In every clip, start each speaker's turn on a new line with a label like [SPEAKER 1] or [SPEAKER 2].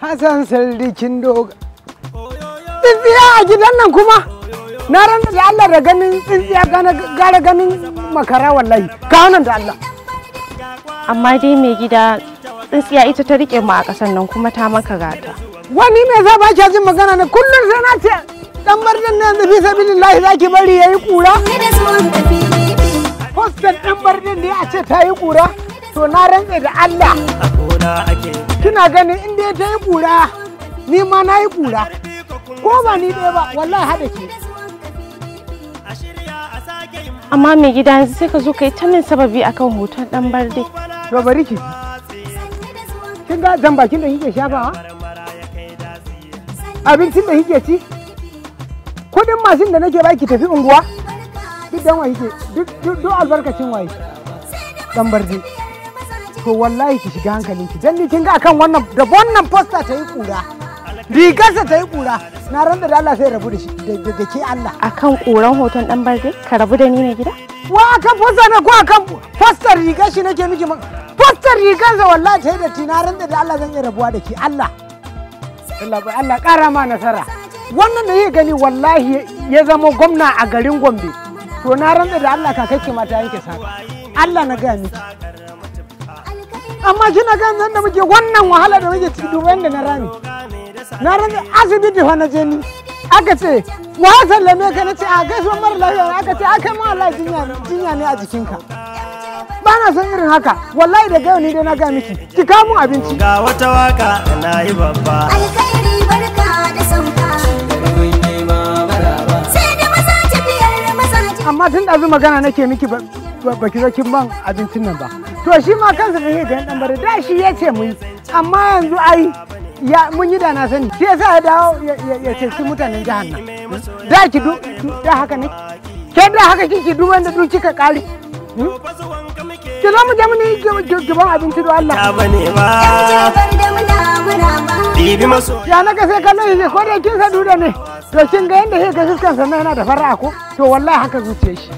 [SPEAKER 1] Hassan sardikin doga. Tsintsiya a gidan nan kuma. Na ran da Allah da ganin tsintsiya gara ganin makara wallahi. Ka da Allah. Amma dai mai
[SPEAKER 2] gida tsintsiya ita ta rike mu a ƙasar nan kuma ta maka gata.
[SPEAKER 1] Wani me za ba jin magana ne kullum sai na ce dan bardan nan da fi sabilillahi zaki bari yayi kura. Hostel dan bardan ne a ce ta yi kura to na rantsa da Allah. kina gani in dai ta yi kura ni ma na yi kura ko ba ni ɗaya ba wallahi haɗa ke amma
[SPEAKER 2] mai gida yanzu sai ka zo ka yi ta min sababi akan hoton dan barde to bari ki
[SPEAKER 1] kin ga zan bakin da kike shafawa abincin da kike ci kudin mashin da nake baki tafi unguwa duk dan waye duk duk albarkacin waye dan barde to wallahi ki shiga hankalin ki ni kin ga akan wannan da wannan poster ta yi kura rigarsa ta yi kura na ran da Allah sai rabu da shi da ke Allah akan koran hoton dan barde ka rabu da ni ne gida wa akan poster na ko akan poster rigar shi nake miki poster rigarsa wallahi ta yi da tinarin da Allah zan yi rabuwa da ke Allah Allah bai Allah kara ma nasara wannan da ya gani wallahi ya zama gwamna a garin Gombe to na ran da Allah kakakki mata yanke saka Allah na gaya miki amma kina kan zan da muke wannan wahala da muke ciki duban da na rami na rami asibiti fa na je ni aka ce wa sallame ka na ce a gaisuwa mara lafiya aka ce aka ma Allah jinya ne a jikinka ba na son irin haka wallahi da gayo ni dai na ga miki ki kawo mun abinci ga wata waka
[SPEAKER 2] na yi babba
[SPEAKER 1] alkhairi barka da sauka amma tun ɗazu magana nake miki ba ki zo kin ban abincin nan ba to shi ma kansa da yake dan bari da shi ya ce mu yi amma yanzu ai ya mun yi da na sani shi yasa ya dawo ya ce su mutanen jihar nan da ki du da haka ne ke da haka kike du wanda du kika kare hmm? ki zo mu je mun yi gaban abinci da Allah ya na ga sai kallon shi ko da kin sadu da ne to kin ga yanda yake fuskan sa yana da fara'a ko to wallahi haka zuciyar shi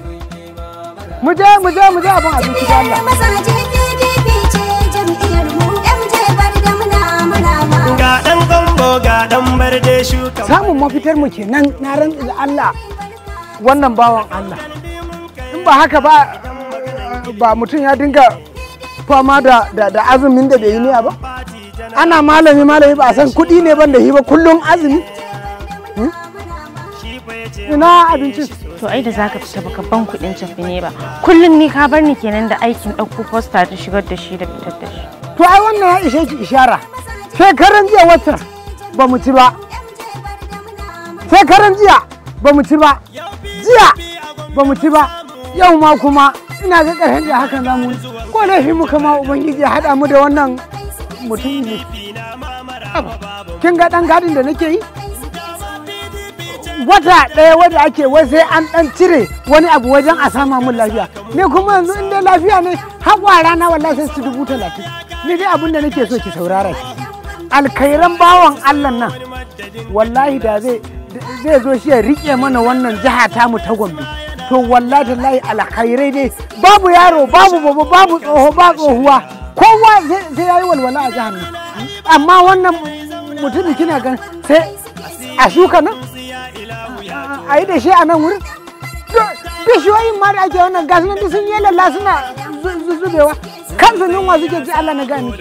[SPEAKER 1] mu je mu je mu je abin abinci da Allah samun mafitar mu kenan na rantsi da Allah wannan bawan Allah in ba haka ba ba mutum ya dinga fama da da azumin da bai yi niyya ba ana malami malami ba san kuɗi ne ban da yi ba kullum azumi
[SPEAKER 2] ina abinci to ai da zaka fita baka ban kuɗin tafi ne ba kullum ni ka bar ni kenan da aikin dauko poster ta shigar da shi da fitar da shi
[SPEAKER 1] to ai wannan ya ishe ki ishara shekaran jiya wata ba mu ci ba karan jiya ba mu ci ba jiya ba mu ci ba yau ma kuma ina ga ƙarshen jiya hakan zamu ko shi muka ma ubangiji ya haɗa mu da wannan mutum ne kin ga ɗan gadin da nake yi wata ɗaya wadda ake wai sai an ɗan cire wani abu wajen a sama mun lafiya ne kuma yanzu inda lafiya ne haƙwa rana wallahi sai su dubu talatin ni dai abin da nake so ki saurara shi alkairan bawan allah nan wallahi da zai zai zo shi ya riƙe mana wannan jiha tamu ta gombe to wallahi layi alkhairai dai babu yaro babu babu babu tsoho ba tsohuwa kowa sai yayi walwala a jihar nan amma wannan mutumin kina gan sai a shuka nan a yi da shi a nan wurin bishiyoyin ma da ake wannan gasu nan sun yi lalla suna zubewa kan kansu nunwa suke ji Allah na gani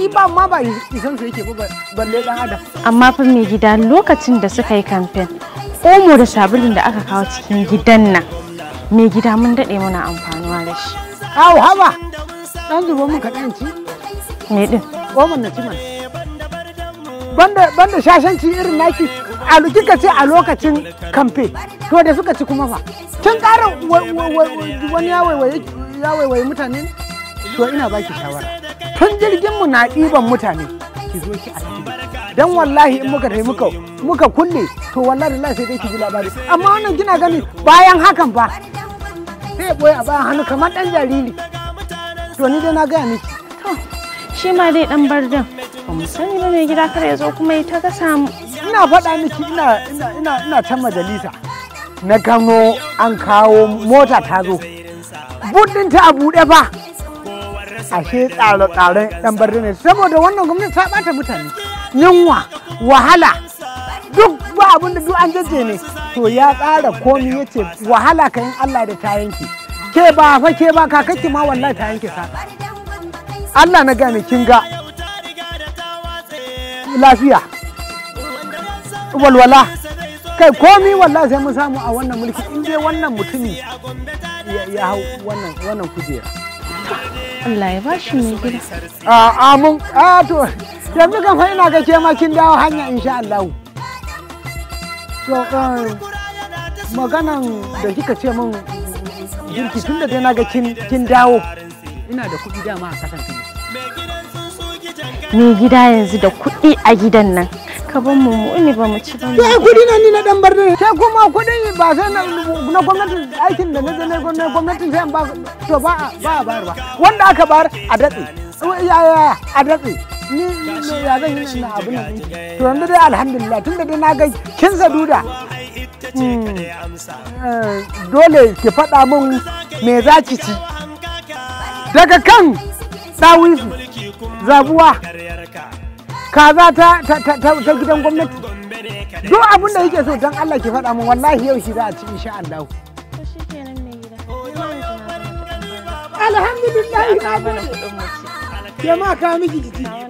[SPEAKER 1] yi ba ma ba isan su yake ba balle dan adam
[SPEAKER 2] amma fa mai gida lokacin da suka yi kamfen omo da sabulin da aka kawo cikin gidan nan mai gida mun daɗe muna amfanuwa da shi
[SPEAKER 1] awo haba dan zuba mun kaɗan ci me din omo na ci mana banda banda shashanci irin naki alu kika ce a lokacin kamfe to da suka ci kuma fa kin ƙara wani ya waiwaye mutane to ina baki shawara tun jirgin mu na ɗiban mutane ki zo ki a dan wallahi in muka taimaka muka muka kulle to wallahi da sai dai ki ji labari amma wannan kina gani bayan hakan ba sai ya boye a bayan hannu kamar dan jariri to ni dai na gaya miki shi ma dai dan bardan ba mu sani ba mai gida kar ya zo kuma ita ta samu ina faɗa miki ina ina ina ina majalisa na gano an kawo mota ta zo buɗin ta a buɗe fa ashe tsare-tsaren ɗan bar ne saboda wannan gwamnati ta bata mutane yunwa wahala duk ba abin da duk an jaje ne to ya tsara komi ya wahala ka yin Allah da ta yanke ke ba fa ke ba kakakki ma wallahi ta yanke ka Allah na gane kin ga lafiya walwala kai komi wallahi sai mun samu a wannan mulki in dai wannan mutumi ya hau wannan kujera Allah ya bashi mai gida a amun a to yanzu kan fa ina ga ke ma kin dawo hanya insha Allah to eh, maganan da kika ce min girki tun da dai na ga kin dawo ina da kuɗi dama a kasan kai Ni gida yanzu da kuɗi a gidan nan. Ka ban mu mu ni ba mu ci ba. Sai kuɗi nan ni na dan bar ne. Sai kuma kuɗin ba sai na na gwamnatin aikin da na je na gwamnatin sai ba to ba ba bayarwa. Wanda aka bar a datse. Yaya a datse. ni ne ya zan yi na abin nan to yanzu dai alhamdulillah tun da dai na ga kin sa duda hmm, eh, dole ki faɗa min me za ki ci daga kan tsawinsu zabuwa kaza ta ta gidan gwamnati do abin da yake so don Allah ke faɗa min wallahi yau shi za a ci insha Allah alhamdulillah na ma ka miki jiki